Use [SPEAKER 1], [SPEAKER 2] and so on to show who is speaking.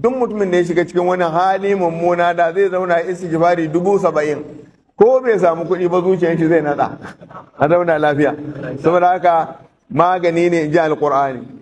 [SPEAKER 1] duk mutumin da ya shiga cikin wani hali mummuna da zai zauna istighfari dubu saba'in ko bai samu kuɗi ba zuciyar shi zai nada a zauna lafiya saboda haka
[SPEAKER 2] magani ne in ji alƙur'ani